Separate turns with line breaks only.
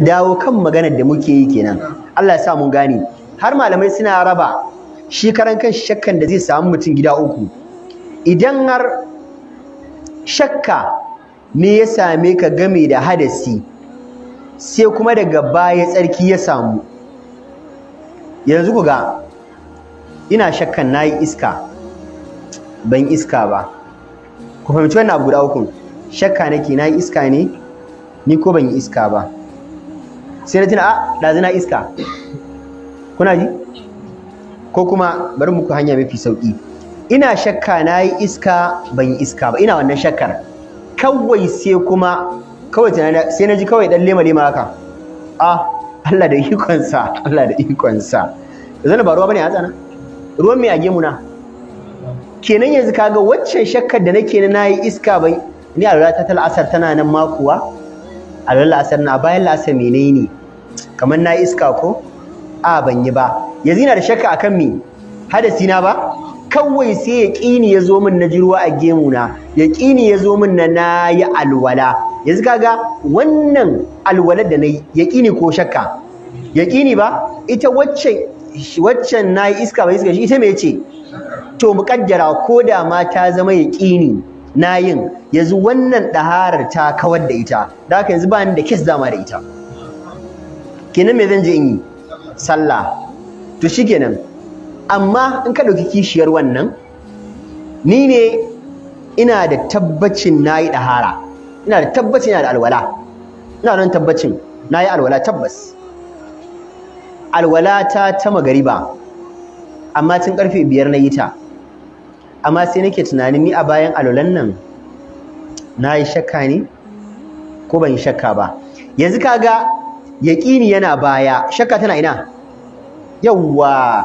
dawo kan maganar da muke yi kenan Allah ya sa mun gane har malamai suna raba shi karan kan shakkan da zai samu mutum gida uku idan har shakka ne ya same ka game da hadasi sai kuma daga baya tsarki ya samu yanzu ku ga ina shakkan nayi iska ban iska ba ku fahimci wannan abu guda uku shakka nake nayi iska ne ni ko ban yi iska ba sai na tuna a ah, ɗazu na iska kuna ji ko kuma bari muku hanya mafi sauƙi ina shakka na yi iska ban yi iska ba ina wannan shakkar kawai sai kuma kawai tunani sai na ji kawai ɗan lema lema haka a ah, Allah da ikonsa Allah da ikonsa yanzu ba ruwa bane a tsana ruwan mai a gemu na kenan yanzu kaga waccan shakkar da nake na yi iska bai ni a ta asar tana nan makuwa a lura asar na bayan la'asar menene kamar na iska ko a ban yi ba yanzu ina da shakka akan me hadasi na ba kawai sai ya ƙini ya zo min na ji ruwa a gemu na ya ƙini ya zo min na na yi alwala yanzu kaga wannan alwalar da na yi ya ƙini ko shakka ya ba ita wacce waccan na yi iska ba iska shi ita me ce to muƙaddara ko da ma ta zama ya ƙini na yin yanzu wannan ɗaharar ta kawar da ita da haka yanzu ba ni da kes dama da ita kenan me zan je in yi sallah to shikenan amma in ka dauki kishiyar wannan ni ne ina da tabbacin nayi dahara ina da tabbacin ina da alwala ina nan tabbacin nayi alwala tabbas alwala ta ta magariba amma tun karfe biyar na yi ta amma sai nake tunanin ni a bayan alwalan nan Na yi shakka ne ko ban yi shakka ba yanzu kaga yaƙini yana baya shakka tana ina yawwa